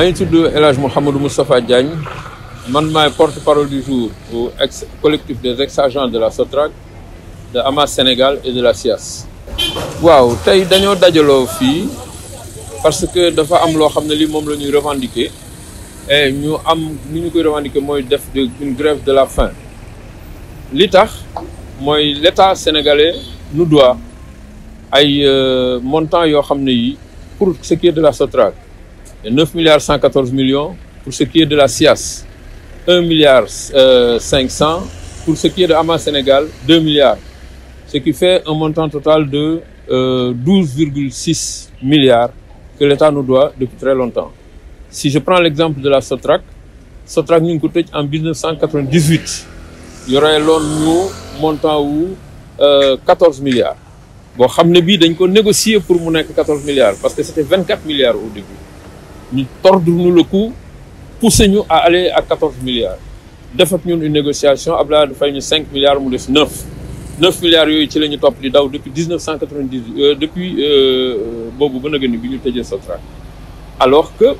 maa je tudd Mohamed Mouhamadou Moustapha Diagne man maay porte-parole du jour au collectif des ex-agents de la SOTRAC de Amas Sénégal et de la CIAS. waaw tey dañoo dajaloo fii parce que dafa am lo xamné li mom lañuy revendiquer et ñu am ni ñu koy revendiquer moy def une grève de la faim li tax l'État sénégalais nous doit ay euh, montant yo xamné yi pour ce qui est de la SOTRAC et 9 milliards 114 millions pour ce qui est de la SIAS, 1 milliard 500 euh, pour ce qui est de Ama Sénégal, 2 milliards, ce qui fait un montant total de 12,6 euh, milliards que l'État nous doit depuis très longtemps. Si je prends l'exemple de la Sotrac, Sotrac nous coûtait en 1998, il y aurait nous montant euh, où 14 milliards. Bon, nous avons négocié pour 14 milliards parce que c'était 24 milliards au début nous tordons nous le cou, poussons nous à aller à 14 milliards. De fait, nous une négociation, nous avons fait 5 milliards, nous 9. 9 milliards, nous avons fait depuis 1990, euh, depuis contrat euh, euh, Alors que,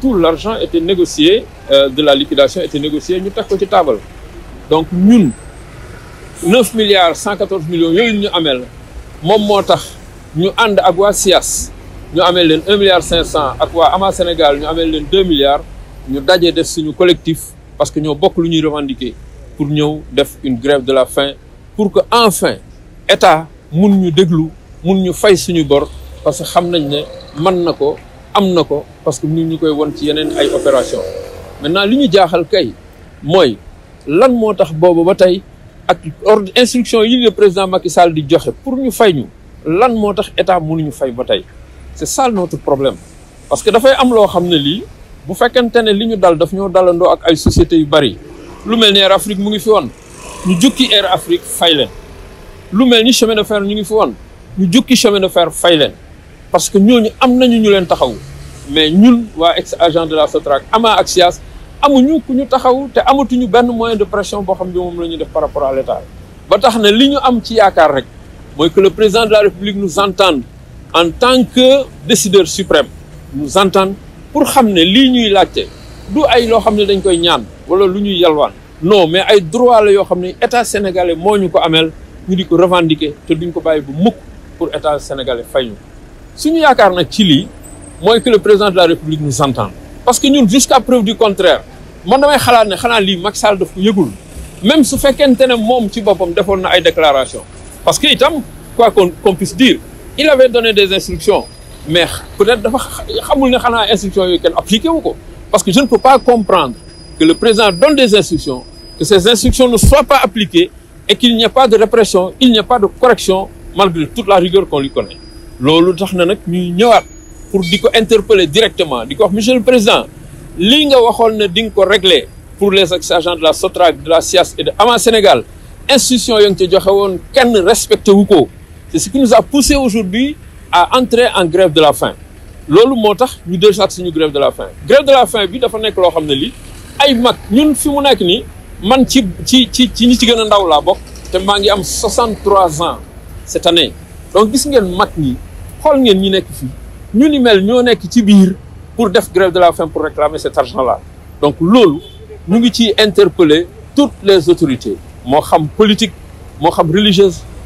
tout l'argent était négocié, euh, de la liquidation était négocié, nous avons la table. Donc, nous, 9 milliards, 114 millions, nous avons fait. Nous avons fait. Nous avons fait ñu amee leen un milliard cinq cent ak waa Ama Sénégal ñu amee leen deux milliards ñu dajee def suñu collectif parce que ñoo bokk lu ñuy revendiquer pour nous def une grève de la faim pour que enfin état nous ñu déglu nous ñu fay suñu bor parce que xam nañ ne mën na am nako parce que nous nous koy won ci yeneen ay opération maintenant li ñu jaaxal kay moy lan moo tax boobu ba ak instruction yi le président Macky Sall di joxe pour ñu fay ñu lan moo tax état ñu fay batay c'est ça notre problème parce que dafay am loo xam ne lii bu fekkente ne li ñu dal daf ñoo dalandoo ak ay sociétés yu bari lu mel Air Afrique mu ngi fi woon ñu jukki Air Afrique fay leen lu mel chemin de fer ñu ngi fi woon ñu jukki chemin de fer fay parce que ñooñu am nañu ñu leen taxaw mais ñun wa ex agent de la Sotrac ama axias, SIAS amuñu ku ñu taxaw te amatuñu benn moyen de pression boo xam ne moom la ñuy def par rapport à l'État ba tax na am ci yaakaar rek mooy que le président de la République nous entende en tant que décideur suprême nous entendons, pour xam ce lii ñuy laajte du ay loo xam ne dañ koy ñaan wala lu ñuy fait. non mais ay droit la yoo xam état sénégalais moo ñu ko amel. ñu revendiquer te duñ ko le bu mukk pour état sénégalais Si ñu nous yaakaar nag ci que le président de la république nous entend. parce que nous, jusqu'à preuve du contraire je damay xalaat ne xanaa lii Macky Sall daf ko même su fekkente ne ci déclaration parce que itam quoi qu'on puisse dire il avait donné des instructions mais peut-être qu'il n'y a pas instructions yooyu kenn parce que je ne peux pas comprendre que le président donne des instructions que ces instructions ne soient pas appliquées et qu'il n'y a pas de répression il n'y a pas de correction malgré toute la rigueur qu'on lui connaît loolu tax na nag pour interpeller directement di monsieur le président les nga waxoon ne régler pour les ex-agents de la SOTRAC de la SIAS et de Aman Sénégal Instructions instructions ngi ci kenn c'est ce qui nous a poussé aujourd'hui à entrer en grève de la faim Lolo moo nous déjà dellusiwaat suñu grève de la faim grève de la faim bi dafa que loo ne ay ñun ni. man ci ci ci ñi ci a ndaw 63 ans cette année donc gis ngeen mag ñi xool ngeen ñi nekk fii ñu ni mel ñoo nek ci biir pour def grève de la faim pour réclamer cet argent là donc Lolo, nous ngi interpeller toutes les autorités moo xam politique moo religieuse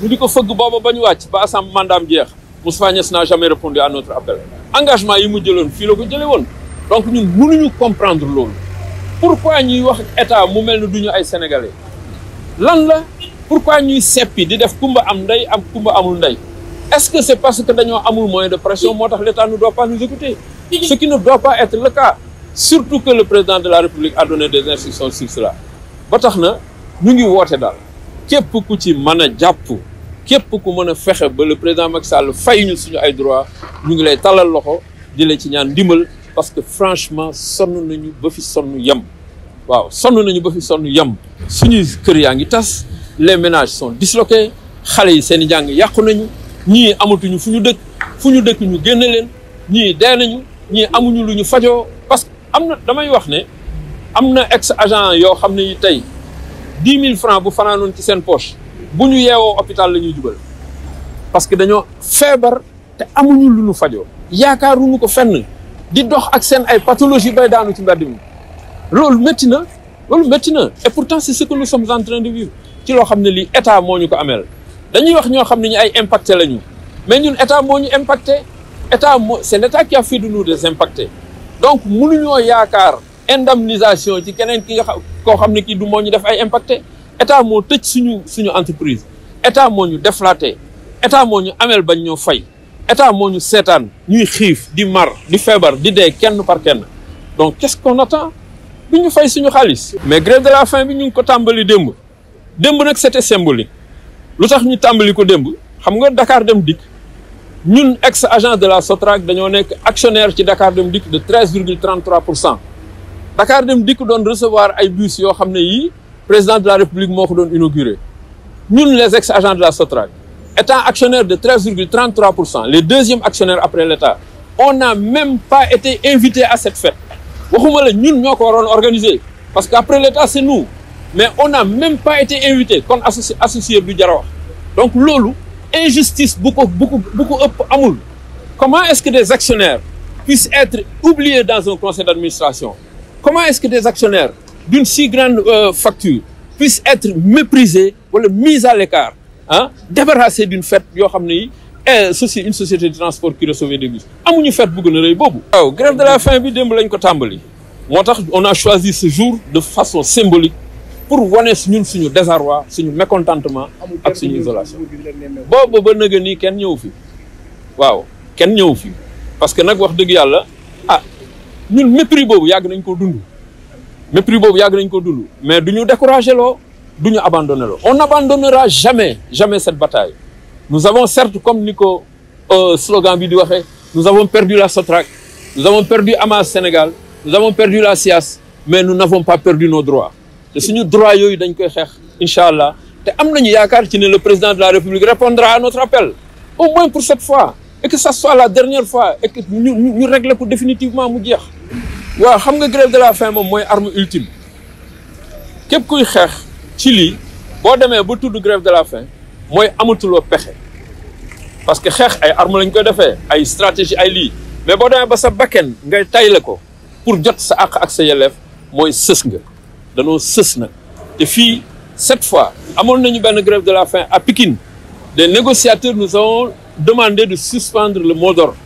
Nous di ko fëgg ba ñu wàcc ba assemblée n'a jamais répondu à notre appel engagement est le jëloon fii la donc pouvons mënuñu comprendre cela. pourquoi ñuy wax état mu mel ni duñu ay sénégalais lan la pourquoi ñuy seppi di def kumba am ndey am kumba amul est-ce que c'est parce que avons amul moyen de pression que l'État ne doit pas nous écouter ce qui ne doit pas être le cas surtout que le président de la République a donné des instructions sur cela Nous tax na ñu ngi est daal képp ku ci képp ku mën a fexe ba le président Macky Sall fay ñu suñu ay droit ñu ngi lay talal loxo di la ci ñaan ndimbal parce que franchement sonn nañu ba fi sonn yem waaw sonn nañu ba fi sonn yem suñu kër yaa ngi tas les ménages sont disloqués xale yi seen i jàng yàqu nañu ñii amatuñu fu ñu dëkk fu ñu dëkk ñu génne leen ñii dee nañu ñii amuñu lu ñu fajoo parce que am na damay wax ne am na ex agent yoo xam ne yi tey dix mille francs bu fanaanoon ci seen poche nous ñu au hôpital parce que nous te amuñu nous ñu fajoo Nous fenn di dox ak pathologie bay daanu ci rôle rôle maintenant, et pourtant c'est ce que nous sommes en train de vivre Nous loo état ko dañuy wax mais nous état c'est l'état qui a fait de nous des donc nous indemnisation ci état mo tëj suñu suñu entreprise état mo ñu déflaté état mo ñu amel bañ ñoo fay état mo ñu sétane ñuy xif di mar di feebar di dé kenn par kenn donc qu'est-ce qu'on attend bi ñu fay suñu xaliss mais grève de la faim bi ñu ko tambali demb demb nak c'était symbolique lu tax ñu tambali ko demb xam nga Dakar Dem dik ñun ex agent de la Sotrac dañoo nekk actionnaire ci Dakar Dem dik de 13,33%. Dakar Dem dik doon recevoir ay bus yoo xam ne yii président de la République Moko inauguré Nous, les ex agents de la Sotrac étant actionnaire de 13,33 les deuxièmes actionnaires après l'État on n'a même pas été invités à cette fête waxuma la nous, organiser parce qu'après l'État c'est nous mais on n'a même pas été invités, comme associé associé donc l'OLU, injustice beaucoup, beaucoup, beaucoup, comment est-ce que des actionnaires puissent être oubliés dans un conseil d'administration comment est-ce que des actionnaires d'une si grande euh, facture puisse être méprisée ou mise à l'écart hein, débarrassée d'une fête yoo xam eh, une société de transport qui recevait des bus amuñu fête bu gën a rëy waaw grève de la faim bi démb lañ ko on a choisi ce jour de façon symbolique pour voir notre suñu désarroi suñu mécontentement ak suñu isolation On ba nëga nii kenn ñëw fi waaw kenn ñëw fi parce que nag wax dëgg yàlla ah ñun mépris boobu yàgg nañ koo dund mais nous décourager lo, nous abandonner lo. on n'abandonnera jamais jamais cette bataille nous avons certes comme Nico euh, slogan bi nous avons perdu la Sotrac nous avons perdu Amas Sénégal nous avons perdu la SIAS mais nous n'avons pas perdu nos droits Et suñu droit yooyu dañ koy xex, inshallah. le président de la République répondra à notre appel au moins pour cette fois et que ça soit la dernière fois et que nous nous pour définitivement mu waaw xam nga grève de la faim moom mooy arme ultime képp kuy xeex ci lii boo demee ba tudd grève de la faim mooy amatuloo pexe parce que xeex ay arme lañ koy defee ay stratégie ay lii mais boo demee ba sa bakken ngay tayle ko pour jot sa àq ak sa yelleef mooy sës nga danoo sës nag te fii cette fois amoon nañu benn grève de la faim à Pikine des négociateurs nous ont demandé de suspendre le mot d'ordre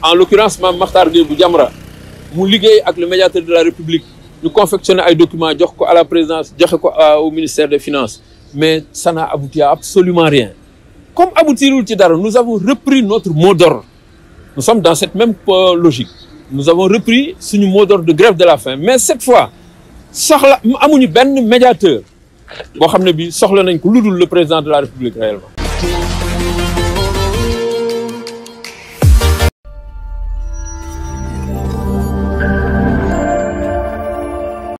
en l'occurrence Mame Makhtar Gueye bu Jamra nous avec avec le médiateur de la République nous confectionné un documents à la présidence euh, au ministère des Finances mais ça n'a abouti absolument rien comme aboutirul nous avons repris notre mot d'ordre nous sommes dans cette même euh, logique nous avons repris ce mot d'ordre de grève de la faim mais cette fois nous avons benn médiateur le président de la République réellement